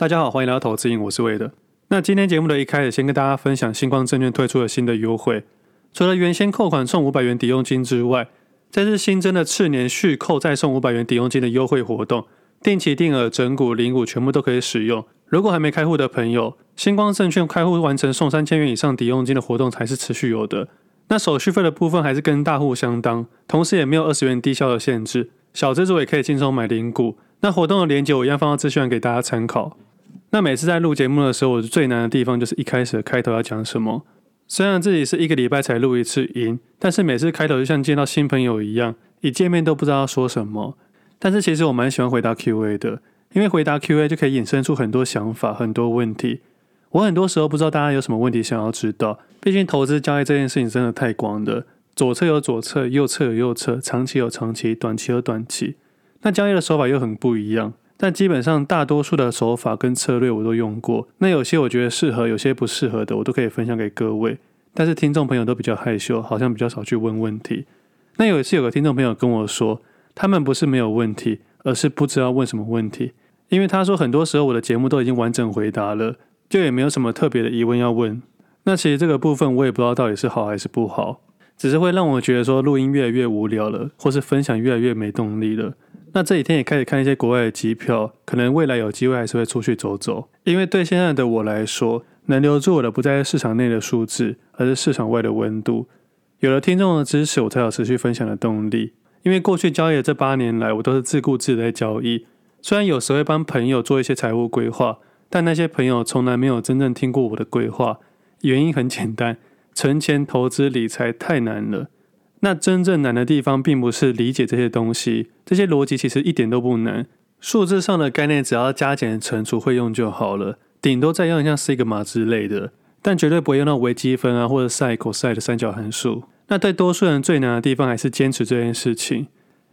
大家好，歡迎來到投資癮，我是魏德。那今天節目的一開始，先跟大家分享新光證券推出的新的優惠。除了原先扣款送五百元抵用金之外，這是新增的次年續扣再送五百元抵用金的優惠活動。定期定額整股零股全部都可以使用。如果還沒開戶的朋友，新光證券開戶完成送三千元以上抵用金的活動才是持續有的。那手續費的部分還是跟大戶相當，同時也沒有二十元低消的限制，小資族也可以輕鬆買零股。那活動的鏈接我一樣放到資訊欄給大家參考。那每次在錄節目的時候，我最難的地方就是一開始的開頭要講什麼。雖然自己是一個禮拜才錄一次音，但是每次開頭就像見到新朋友一樣，一見面都不知道要說什麼。但是其實我蠻喜歡回答 Q&A 的，因為回答 Q&A 就可以引申出很多想法、很多問題。我很多時候不知道大家有什麼問題想要知道，畢竟投資交易這件事情真的太廣了，左側有左側，右側有右側，長期有長期，短期有短期，那交易的手法又很不一樣。但基本上，大多數的手法跟策略我都用過。那有些我覺得適合，有些不適合的，我都可以分享給各位。但是聽眾朋友都比較害羞，好像比較少去問問題。那有一次有個聽眾朋友跟我說，他們不是沒有問題，而是不知道問什麼問題。因為他說，很多時候我的節目都已經完整回答了，就也沒有什麼特別的疑問要問。那其實這個部分我也不知道到底是好還是不好，只是會讓我覺得說錄音越來越無聊了，或是分享越來越沒動力了。那這幾天也開始看一些國外的機票，可能未來有機會還是會出去走走。因為對現在的我來說，能留住我的不再是市場內的數字，而是市場外的溫度。有了聽眾的支持，我才有持續分享的動力。因為過去交易的這八年來，我都是自顧自己在交易，雖然有時會幫朋友做一些財務規劃，但那些朋友從來沒有真正聽過我的規劃。原因很簡單，存錢、投資、理財太難了。那真正難的地方，並不是理解這些東西，這些邏輯其實一點都不難。數字上的概念，只要加減乘除會用就好了，頂多再用一下 Sigma 之類的，但絕對不會用到微積分啊或者 sine、cosine 的三角函數。那對多數人最難的地方，還是堅持這件事情。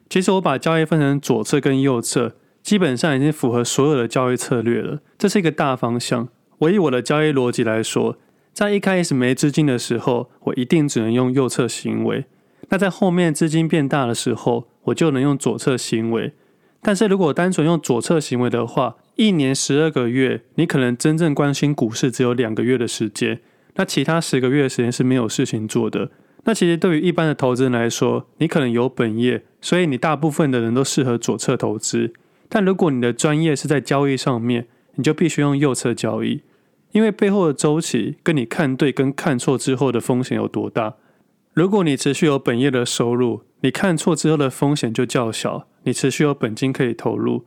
其實我把交易分成左側跟右側，基本上已經符合所有的交易策略了，這是一個大方向。我以我的交易邏輯來說，在一開始沒資金的時候，我一定只能用右側行為。那在後面資金變大的時候，我就能用左側行為。但是如果單純用左側行為的話，一年十二個月，你可能真正關心股市只有兩個月的時間，那其他十個月的時間是沒有事情做的。那其實對於一般的投資人來說，你可能有本業，所以你大部分的人都適合左側投資。但如果你的專業是在交易上面，你就必須用右側交易，因為背後的周期跟你看對跟看錯之後的風險有多大。如果你持續有本業的收入，你看錯之後的風險就較小。你持續有本金可以投入，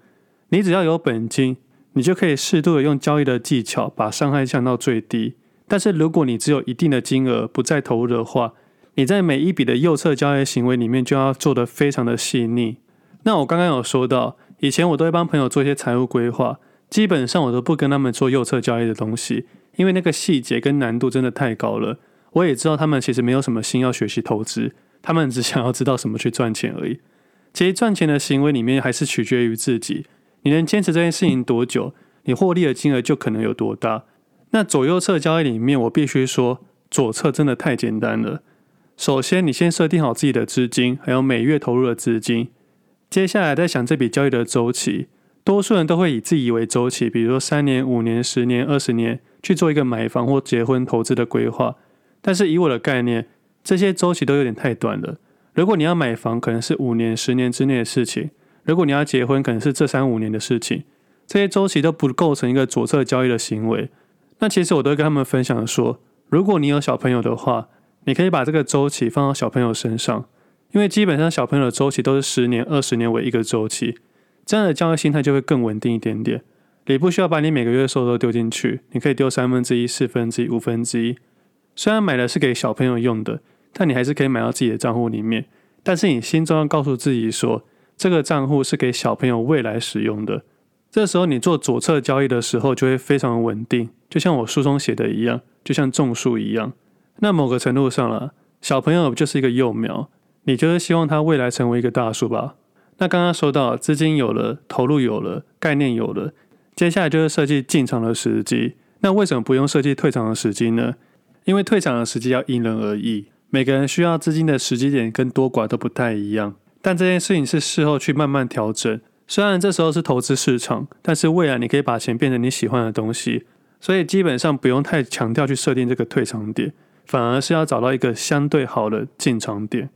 你只要有本金，你就可以適度的用交易的技巧把傷害降到最低。但是如果你只有一定的金額不再投入的話，你在每一筆的右側交易行為裡面就要做得非常的細膩。那我剛剛有說到，以前我都會幫朋友做一些財務規劃，基本上我都不跟他們做右側交易的東西，因為那個細節跟難度真的太高了。我也知道他們其實沒有什麼心要學習投資，他們只想要知道怎麼去賺錢而已。其實賺錢的行為裡面還是取決於自己，你能堅持這件事情多久，你獲利的金額就可能有多大。那左右側交易裡面，我必須說，左側真的太簡單了。首先，你先設定好自己的資金，還有每月投入的資金，接下來再想這筆交易的周期。多數人都會以自己為周期，比如說三年、五年、十年、二十年，去做一個買房或結婚投資的規劃。但是以我的概念，這些周期都有點太短了。如果你要買房，可能是五年、十年之內的事情；如果你要結婚，可能是這三五年的事情。這些周期都不構成一個左側交易的行為。那其實我都會跟他們分享說：如果你有小朋友的話，你可以把這個周期放到小朋友身上，因為基本上小朋友的周期都是十年、二十年為一個周期，這樣的交易心態就會更穩定一點點。你不需要把你每個月的收入都丟進去，你可以丟三分之一、四分之一、五分之一。雖然買的是給小朋友用的，但你還是可以買到自己的賬戶裡面。但是你心中要告訴自己說，這個賬戶是給小朋友未來使用的。這時候你做左側交易的時候就會非常穩定，就像我書中寫的一樣，就像種樹一樣。那某個程度上啦，小朋友就是一個幼苗，你就是希望他未來成為一個大樹吧。那剛剛說到資金有了，投入有了，概念有了，接下來就是設計進場的時機。那為什麼不用設計退場的時機呢？因為退場的時機要因人而異，每個人需要資金的時機點跟多寡都不太一樣。但這件事情是事後去慢慢調整。雖然這時候是投資市場，但是未來你可以把錢變成你喜歡的東西。所以基本上不用太強調去設定這個退場點，反而是要找到一個相對好的進場點。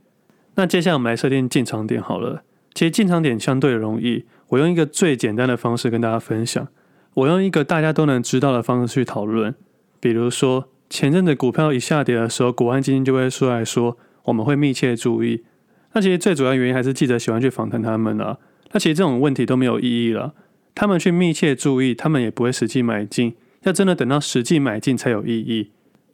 那接下來我們來設定進場點好了。其實進場點相對容易，我用一個最簡單的方式跟大家分享，我用一個大家都能知道的方式去討論，比如說。前陣子股票一下跌的時候，國安基金就會出來說：“我們會密切注意。”那其實最主要原因還是記者喜歡去訪談他們啊。那其實這種問題都沒有意義了。他們去密切注意，他們也不會實際買進。要真的等到實際買進才有意義。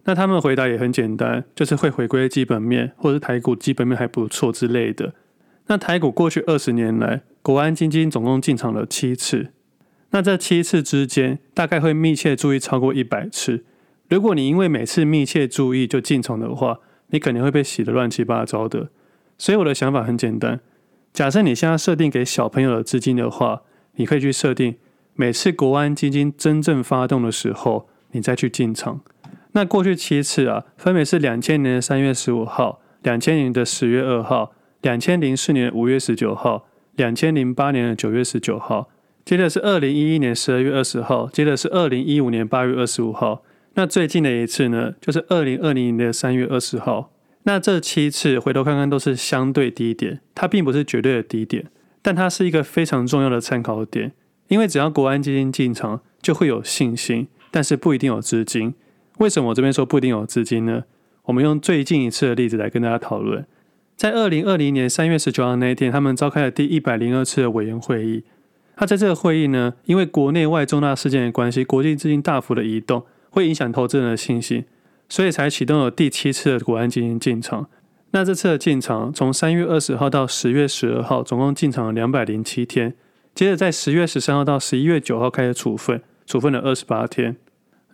那他們的回答也很簡單，就是會回歸基本面，或者是台股基本面還不錯之類的。那台股過去二十年來，國安基金總共進場了七次。那這七次之間，大概會密切注意超過一百次。如果你因為每次密切注意就進場的話，你肯定會被洗得亂七八糟的。所以我的想法很簡單：假設你現在設定給小朋友的資金的話，你可以去設定每次國安基金真正發動的時候，你再去進場。那過去七次啊，分別是兩千年的三月十五號、兩千年的十月二號、兩千零四年五月十九號、兩千零八年的九月十九號，接着是二零一一年十二月二十號，接着是二零一五年八月二十五號。那最近的一次呢，就是二零二零年的三月二十號。那這七次回頭看看都是相對低點，它並不是絕對的低點，但它是一個非常重要的參考點。因為只要國安基金進場，就會有信心，但是不一定有資金。為什麼我這邊說不一定有資金呢？我們用最近一次的例子來跟大家討論。在二零二零年三月十九號那一天，他們召開了第一百零二次的委員會議。那在這個會議呢，因為國內外重大事件的關係，國際資金大幅的移動。會影響投資人的信心，所以才啟動了第七次的國安基金進場。那這次的進場從三月二十號到十月十二號，總共進場了兩百零七天。接着在十月十三號到十一月九號開始處分，處分了二十八天。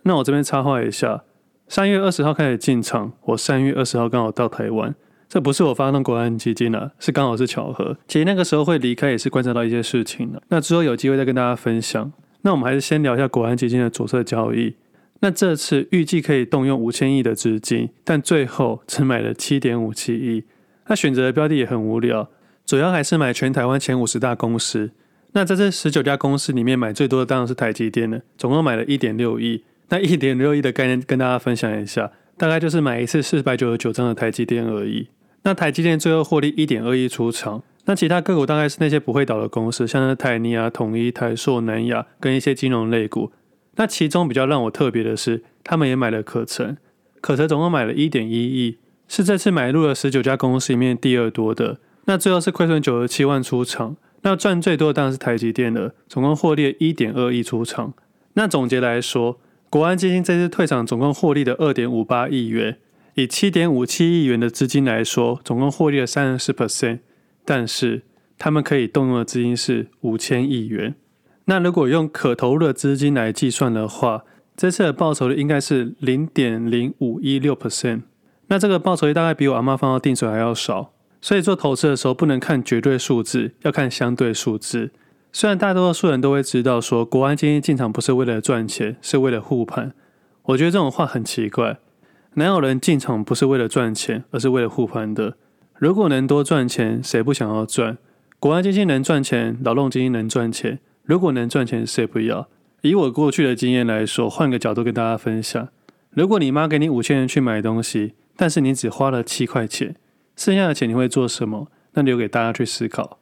那我這邊插話一下，三月二十號開始進場，我三月二十號剛好到台灣，這不是我發動國安基金了，啊，是剛好是巧合。其實那個時候會離開也是觀察到一些事情了，啊。那之後有機會再跟大家分享。那我們還是先聊一下國安基金的左側交易。那這次預計可以動用五千億的資金，但最後只買了七點五七億。那選擇的標的也很無聊，主要還是買全台灣前五十大公司。那在這十九家公司裡面，買最多的當然是台積電了，總共買了一點六億。那一點六億的概念跟大家分享一下，大概就是買一次四百九十九張的台積電而已。那台積電最後獲利一點二億出場。那其他個股大概是那些不會倒的公司，像是台泥啊、統一、台塑、南亞跟一些金融類股。那其中比較讓我特別的是，他們也買了可成。可成總共買了一點一億，是這次買入了十九家公司裡面第二多的。那最後是虧損九十七萬出場，那賺最多的當然是台積電了，總共獲利一點二億出場。那總結來說，國安基金這次退場總共獲利的二點五八億元，以七點五七億元的資金來說，總共獲利了三十四 percent。但是他們可以動用的資金是五千億元。那如果用可投入的資金來計算的話，這次的報酬率應該是零點零五一六 percent。那這個報酬率大概比我阿嬤放到定存還要少。所以做投資的時候不能看絕對數字，要看相對數字。雖然大多數人都會知道說，國安基金進場不是為了賺錢，是為了護盤。我覺得這種話很奇怪。哪有人進場不是為了賺錢，而是為了護盤的？如果能多賺錢，誰不想要賺？國安基金能賺錢，勞動基金能賺錢。如果能賺錢誰不要？以我過去的經驗來說，換個角度跟大家分享。如果你媽給你五千元去買東西，但是你只花了七塊錢，剩下的錢你會做什麼？那留給大家去思考。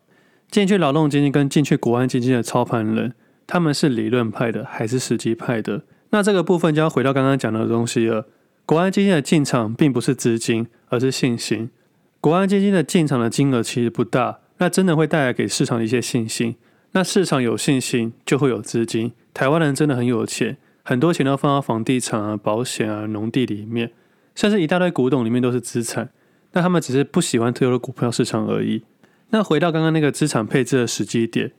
進去勞動基金跟進去國安基金的操盤人，他們是理論派的還是實際派的？那這個部分就要回到剛剛講的東西了。國安基金的進場並不是資金，而是信心。國安基金的進場的金額其實不大，那真的會帶來給市場一些信心。那市場有信心，就會有資金。台灣人真的很有錢，很多錢都放到房地產啊、保險啊、農地裡面，甚至一大堆古董裡面都是資產。那他們只是不喜歡推入股票市場而已。那回到剛剛那個資產配置的時機點，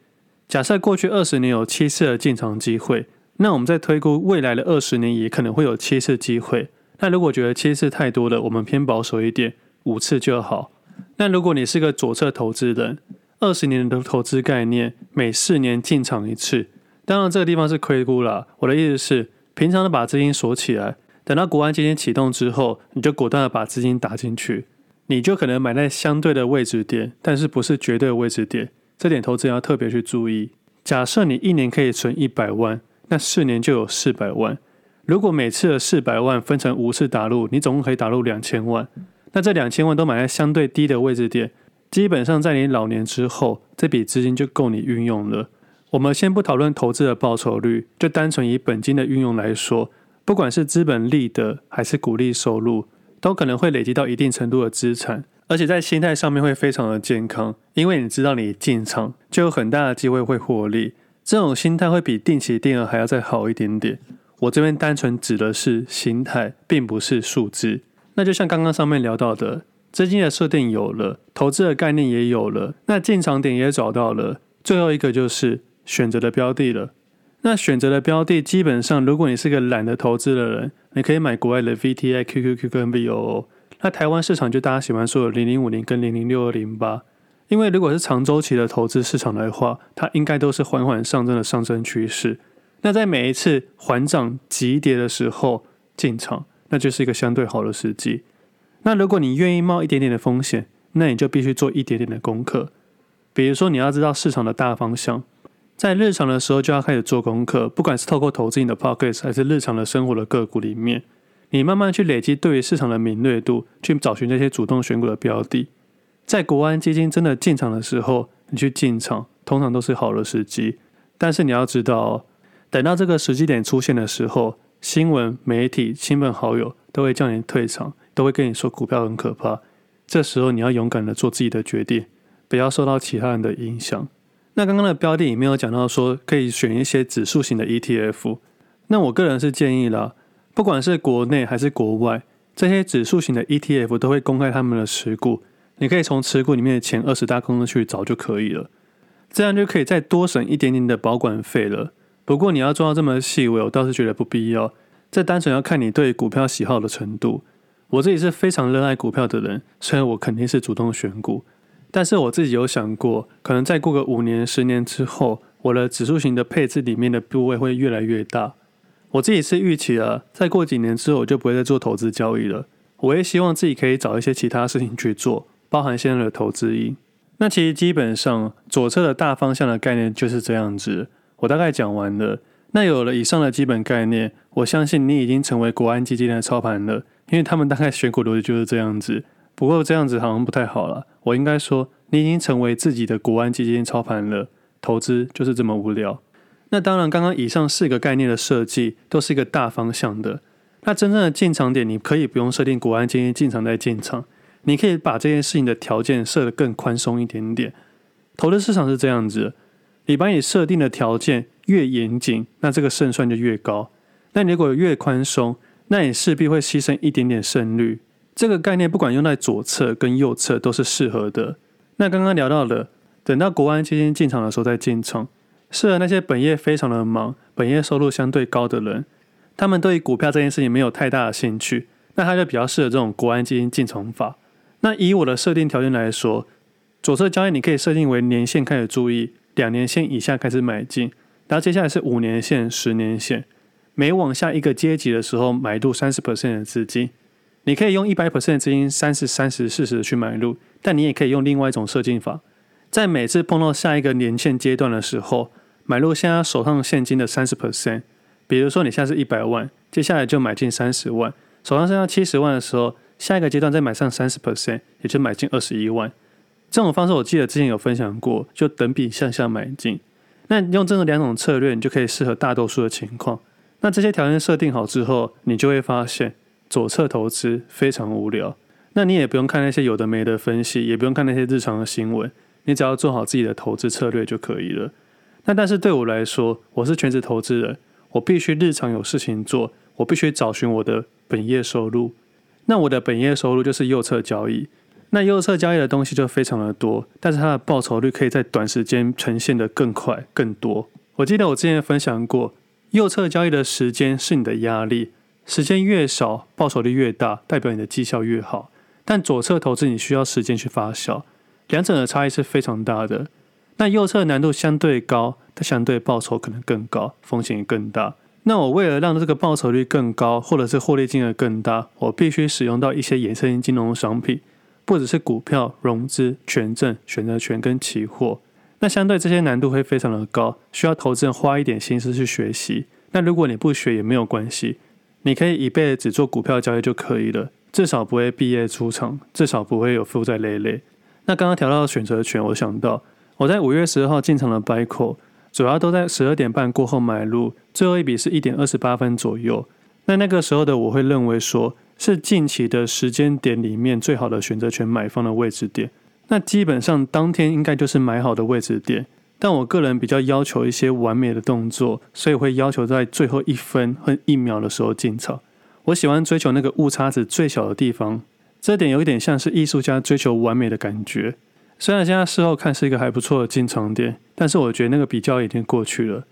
假設過去二十年有七次的進場機會，那我們再推估未來的二十年也可能會有七次機會。那如果覺得七次太多了，我們偏保守一點，五次就好。那如果你是個左側投資人，二十年的投資概念，每四年進場一次。當然，這個地方是虧估啦。我的意思是，平常的把資金鎖起來，等到國安基金啟動之後，你就果斷的把資金打進去，你就可能買在相對的位置點，但是不是絕對的位置點，這點投資人要特別去注意。假設你一年可以存一百萬，那四年就有四百萬。如果每次的四百萬分成五次打入，你總共可以打入兩千萬，那這兩千萬都買在相對低的位置點。基本上在你老年之後，這筆資金就夠你運用了。我們先不討論投資的報酬率，就單純以本金的運用來說，不管是資本利得還是股利收入，都可能會累積到一定程度的資產，而且在心態上面會非常的健康，因為你知道你進場就有很大的機會會獲利，這種心態會比定期定額還要再好一點點。我這邊單純指的是心態，並不是數字。那就像剛剛上面聊到的。資金的設定有了，投資的概念也有了，那進場點也找到了，最後一個就是選擇的標的了。那選擇的標的，基本上如果你是個懶得投資的人，你可以買國外的 VTI、QQQ 跟 VOO。那台灣市場就大家喜歡說的0050跟006208，因為如果是長週期的投資市場的話，它應該都是緩緩上升的上升趨勢。那在每一次緩漲急跌的時候進場，那就是一個相對好的時機。那如果你願意冒一點點的風險，那你就必須做一點點的功課。比如說，你要知道市場的大方向，在日常的時候就要開始做功課，不管是透過投資你的 pockets，還是日常的生活的個股裡面，你慢慢去累積對於市場的敏銳度，去找尋那些主動選股的標的。在國安基金真的進場的時候，你去進場，通常都是好的時機。但是你要知道哦，等到這個時機點出現的時候，新聞、媒體、親朋好友都會叫你退場。都會跟你說股票很可怕，這時候你要勇敢的做自己的決定，不要受到其他人的影響。那剛剛的標的裡面有講到說可以選一些指數型的 ETF。那我個人是建議啦，不管是國內還是國外，這些指數型的 ETF 都會公開他們的持股，你可以從持股裡面的前二十大公司去找就可以了，這樣就可以再多省一點點的保管費了。不過你要做到這麼細微，我倒是覺得不必要，這單純要看你對股票喜好的程度。我自己是非常熱愛股票的人，所以，我肯定是主動選股。但是，我自己有想過，可能再過個五年、十年之後，我的指數型的配置裡面的部位會越來越大。我自己是預期了、啊，再過幾年之後，我就不會再做投資交易了。我也希望自己可以找一些其他事情去做，包含現在的投資癮。那其實基本上，左側的大方向的概念就是這樣子。我大概講完了。那有了以上的基本概念，我相信你已經成為國安基金的操盤了。因為他們大概選股邏輯就是這樣子，不過這樣子好像不太好了。我應該說，你已經成為自己的國安基金操盤了。投資就是這麼無聊。那當然，剛剛以上四個概念的設計都是一個大方向的。那真正的進場點，你可以不用設定國安基金進場再進場，你可以把這件事情的條件設得更寬鬆一點點。投資市場是這樣子，你把你設定的條件越嚴謹，那這個勝算就越高。那你如果越寬鬆，那你勢必會犧牲一點點勝率，這個概念不管用在左側跟右側都是適合的。那剛剛聊到了，等到國安基金進場的時候再進場，適合那些本業非常的忙、本業收入相對高的人，他們對於股票這件事情沒有太大的興趣，那他就比較適合這種國安基金進場法。那以我的設定條件來說，左側交易你可以設定為年線，開始注意，兩年線以下開始買進，然後接下來是五年線、十年線。每往下一個階級的時候買入三十 percent 的資金，你可以用一百 percent 的資金三十、三十、四十去買入，但你也可以用另外一種設計法，在每次碰到下一個年限階段的時候買入現在手上現金的三十 percent。比如說你現在是一百萬，接下來就買進三十萬，手上剩下七十萬的時候，下一個階段再買上三十 percent，也就買進二十一萬。這種方式我記得之前有分享過，就等比向下，下買進。那用這兩種策略，你就可以適合大多數的情況。那這些條件設定好之後，你就會發現左側投資非常無聊。那你也不用看那些有的沒的分析，也不用看那些日常的新聞，你只要做好自己的投資策略就可以了。那但是對我來說，我是全職投資人，我必須日常有事情做，我必須找尋我的本業收入。那我的本業收入就是右側交易，那右側交易的東西就非常的多，但是它的報酬率可以在短時間呈現得更快、更多。我記得我之前分享過。右側交易的時間是你的壓力，時間越少，報酬率越大，代表你的績效越好。但左側投資你需要時間去發酵，兩者的差異是非常大的。那右側難度相對高，它相對報酬可能更高，風險也更大。那我為了讓這個報酬率更高，或者是獲利金額更大，我必須使用到一些衍生性金融商品，不只是股票、融資、權證、選擇權跟期貨。那相對這些難度會非常的高，需要投資人花一點心思去學習。那如果你不學也沒有關係，你可以一輩子只做股票交易就可以了，至少不會畢業出場，至少不會有負債累累。那剛剛提到的選擇權，我想到我在五月十二號進場的 buy call，主要都在十二點半過後買入，最後一筆是一點二十八分左右。那那個時候的我會認為說，是近期的時間點裡面最好的選擇權買方的位置點。那基本上當天應該就是買好的位置點，但我個人比較要求一些完美的動作，所以會要求在最後一分和一秒的時候進場。我喜歡追求那個誤差值最小的地方，這點有一點像是藝術家追求完美的感覺。雖然現在事後看是一個還不錯的進場點，但是我覺得那個比較已經過去了。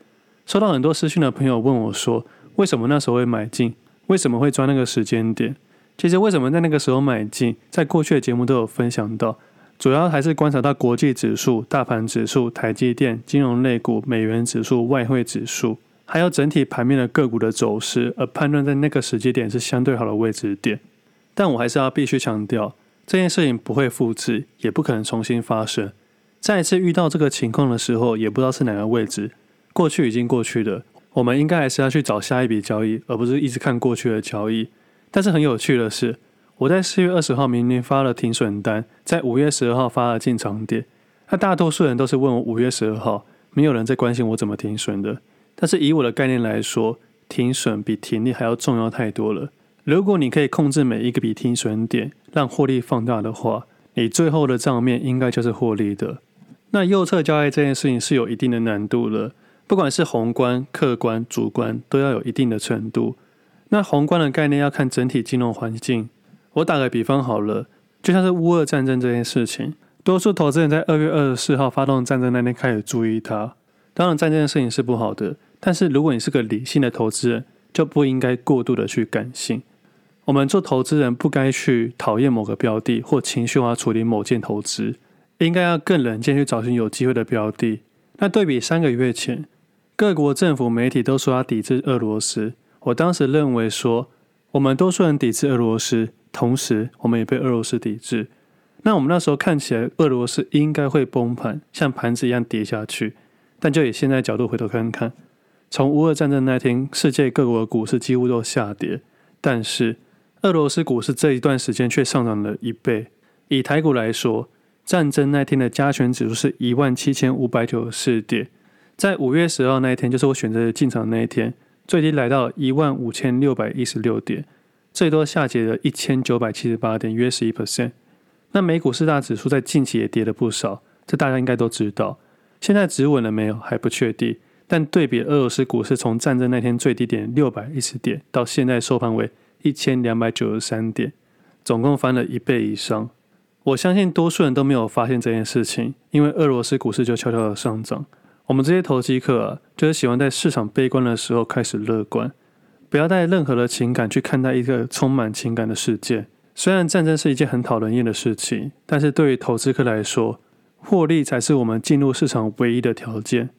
收到很多私訊的朋友問我說，為什麼那時候會買進？為什麼會抓那個時間點？其實為什麼在那個時候買進，在過去的節目都有分享到。主要還是觀察到國際指數、大盤指數、台積電、金融類股、美元指數、外匯指數，還有整體盤面的個股的走勢，而判斷在那個時機點是相對好的位置點。但我還是要必須強調，這件事情不會複製，也不可能重新發生。再次遇到這個情況的時候，也不知道是哪個位置，過去已經過去了。我們應該還是要去找下一筆交易，而不是一直看過去的交易。但是很有趣的是，我在四月二十號明明發了停損單，在五月十二號發了進場點。那大多數人都是問我五月十二號，沒有人在關心我怎麼停損的。但是以我的概念來說，停損比停利還要重要太多了。如果你可以控制每一個筆停損點，讓獲利放大的話，你最後的賬面應該就是獲利的。那右側交易這件事情是有一定的難度了，不管是宏觀、客觀、主觀，都要有一定的程度。那宏觀的概念要看整體金融環境。我打個比方好了，就像是烏俄戰爭這件事情，多數投資人在二月二十四號發動戰爭那天開始注意它。當然，戰爭的事情是不好的，但是如果你是個理性的投資人，就不應該過度的去感性。我們做投資人不該去討厭某個標的或情緒化處理某件投資，應該要更冷靜去找尋有機會的標的。那對比三個月前，各國政府、媒體都說要抵制俄羅斯，我當時認為說，我們多數人抵制俄羅斯。同時，我們也被俄羅斯抵制。那我們那時候看起來，俄羅斯應該會崩盤，像盤子一樣跌下去。但就以現在角度回頭看看，從烏俄戰爭那一天，世界各國的股市幾乎都下跌，但是俄羅斯股市這一段時間卻上漲了一倍。以台股來說，戰爭那天的加權指數是一萬七千五百九十四點，在五月十號那一天，就是我選擇進場那一天，最低來到一萬五千六百一十六點。最多下跌了一千九百七十八點，約十一 percent。那美股四大指數在近期也跌了不少，這大家應該都知道。現在止穩了沒有還不確定，但對比俄羅斯股市從戰爭那天最低點六百一十點，到現在收盤為一千兩百九十三點，總共翻了一倍以上。我相信多數人都沒有發現這件事情，因為俄羅斯股市就悄悄的上漲。我們這些投機客啊，就是喜歡在市場悲觀的時候開始樂觀。不要帶任何的情感去看待一個充滿情感的世界。雖然戰爭是一件很討人厭的事情，但是對於投資客來說，獲利才是我們進入市場唯一的條件。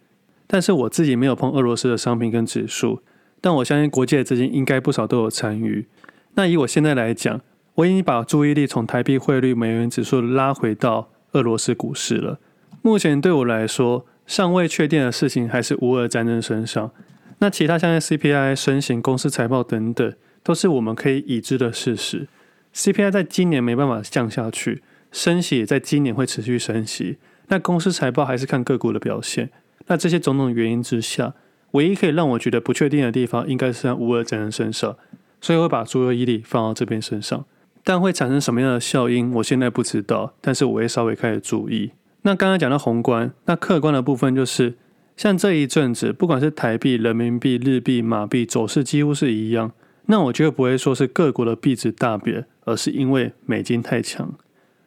但是我自己沒有碰俄羅斯的商品跟指數，但我相信國際的資金應該不少都有參與。那以我現在來講，我已經把注意力從台幣匯率、美元指數拉回到俄羅斯股市了。目前對我來說，尚未確定的事情還是烏俄戰爭身上。那其他像在 CPI 升息、公司財報等等，都是我們可以已知的事實。CPI 在今年沒辦法降下去，升息也在今年會持續升息。那公司財報還是看個股的表現。那這些種種原因之下，唯一可以讓我覺得不確定的地方，應該是在烏俄戰事身上。所以會把主要注意力放到這邊身上，但會產生什麼樣的效應，我現在不知道。但是我會稍微開始注意。那剛剛講到宏觀，那客觀的部分就是。像這一陣子，不管是台幣、人民幣、日幣、馬幣走勢幾乎是一樣。那我就不會說是各國的幣值大貶，而是因為美金太強。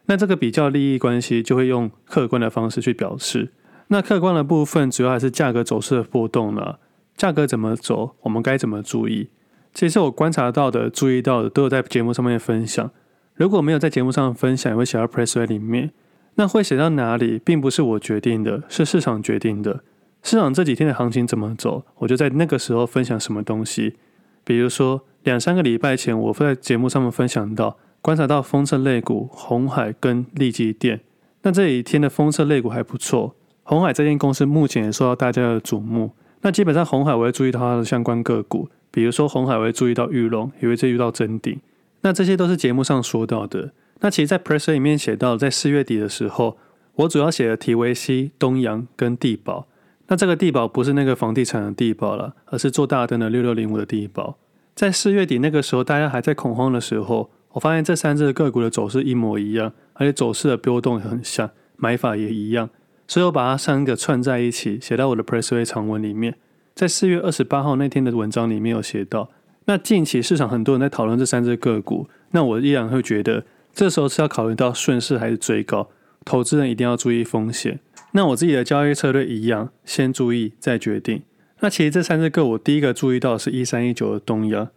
那這個比較利益關係就會用客觀的方式去表示。那客觀的部分主要還是價格走勢的波動了、啊。價格怎麼走，我們該怎麼注意？其實我觀察到的、注意到的，都有在節目上面分享。如果沒有在節目上分享，也會寫到 pressway 裡面。那會寫到哪裡，並不是我決定的，是市場決定的。市場這幾天的行情怎麼走？我就在那個時候分享什麼東西。比如說兩三個禮拜前，我在節目上面分享到，觀察到封測類股、鴻海跟力積電。那這幾天的封測類股還不錯，鴻海這間公司目前也受到大家的矚目。那基本上鴻海我會注意到它的相關個股，比如說鴻海我會注意到裕隆，也會注意到臻鼎。那這些都是節目上說到的。那其實，在 Press 裡面寫到，在四月底的時候，我主要寫了 TVC、東洋跟地保。那這個帝寶不是那個房地產的帝寶了，而是做大燈的六六零五的帝寶。在四月底那個時候，大家還在恐慌的時候，我發現這三隻個股的走勢一模一樣，而且走勢的波動也很像，買法也一樣，所以我把它三個串在一起，寫到我的《Pressway》長文裡面。在四月二十八號那天的文章裡面有寫到，那近期市場很多人在討論這三隻個股，那我依然會覺得，這時候是要考慮到順勢還是追高，投資人一定要注意風險。那我自己的交易策略一樣，先注意再決定。那其實這三隻個股，我第一個注意到是一三一九的東陽。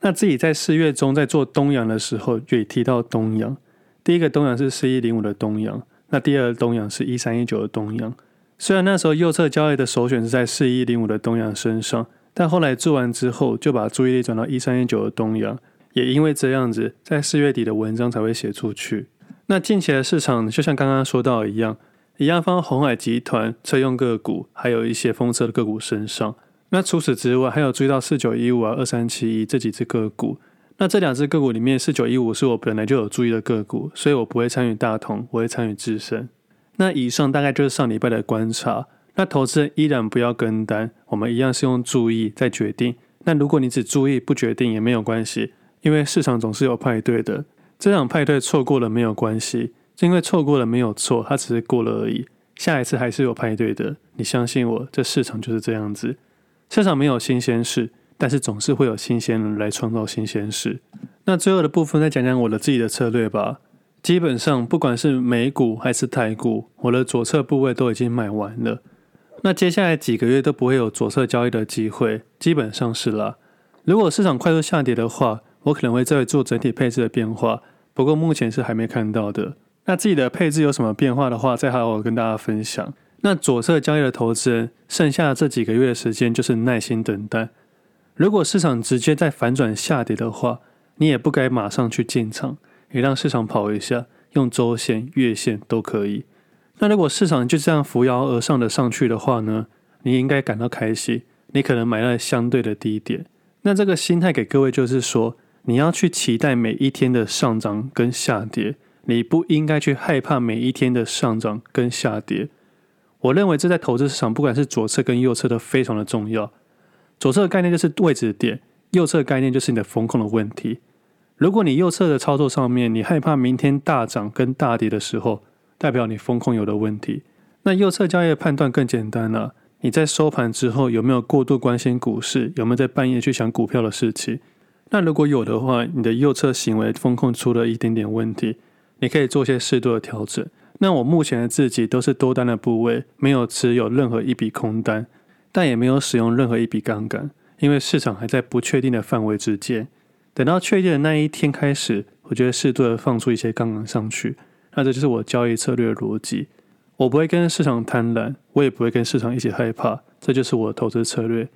那自己在四月中在做東洋的時候，就也提到東洋。第一個東洋是四一零五的東洋，那第二個東洋是一三一九的東陽。雖然那時候右側交易的首選是在四一零五的東洋身上，但後來做完之後，就把注意力轉到一三一九的東陽。也因為這樣子，在四月底的文章才會寫出去。那近期的市場就像剛剛說到一樣。一樣放鴻海集團、車用個股，還有一些風車的個股身上。那除此之外，還有注意到四九一五啊、二三七一這幾只個股。那這兩只個股裡面，四九一五是我本來就有注意的個股，所以我不會參與大同，我會參與致伸。那以上大概就是上禮拜的觀察。那投資人依然不要跟單，我們一樣是用注意再決定。那如果你只注意不決定也沒有關係，因為市場總是有派對的，這場派對錯過了沒有關係。是因為錯過了沒有錯，它只是過了而已。下一次還是有派對的，你相信我，這市場就是這樣子。市場沒有新鮮事，但是總是會有新鮮人來創造新鮮事。那最後的部分再講講我的自己的策略吧。基本上，不管是美股還是台股，我的左側部位都已經買完了。那接下來幾個月都不會有左側交易的機會，基本上是啦。如果市場快速下跌的話，我可能會再做整體配置的變化。不過目前是還沒看到的。那自己的配置有什麼變化的話，再好好跟大家分享。那左側交易的投資人，剩下的這幾個月的時間就是耐心等待。如果市場直接在反轉下跌的話，你也不該馬上去進場，你讓市場跑一下，用周線、月線都可以。那如果市場就這樣扶搖而上的上去的話呢，你應該感到開心。你可能買在相對的低點。那這個心態給各位就是說，你要去期待每一天的上漲跟下跌。你不應該去害怕每一天的上漲跟下跌。我認為這在投資市場，不管是左側跟右側都非常的重要。左側的概念就是位置點，右側的概念就是你的風控的問題。如果你右側的操作上面，你害怕明天大漲跟大跌的時候，代表你風控有了問題。那右側交易的判斷更簡單了啊。你在收盤之後有沒有過度關心股市？有沒有在半夜去想股票的事情？那如果有的話，你的右側行為風控出了一點點問題。你可以做些適度的調整。那我目前的自己都是多單的部位，沒有持有任何一筆空單，但也沒有使用任何一筆槓桿，因為市場還在不確定的範圍之間。等到確定的那一天開始，我覺得適度的放出一些槓桿上去。那這就是我交易策略的邏輯。我不會跟市場貪婪，我也不會跟市場一起害怕，這就是我的投資策略。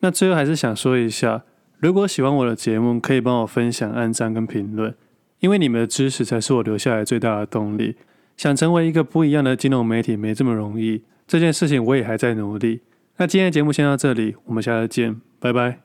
那最後還是想說一下，如果喜歡我的節目，可以幫我分享、按讚跟評論。因為你們的支持才是我留下來最大的動力。想成為一個不一樣的金融媒體沒這麼容易，這件事情我也還在努力。那今天的節目先到這裡，我們下次見，拜拜。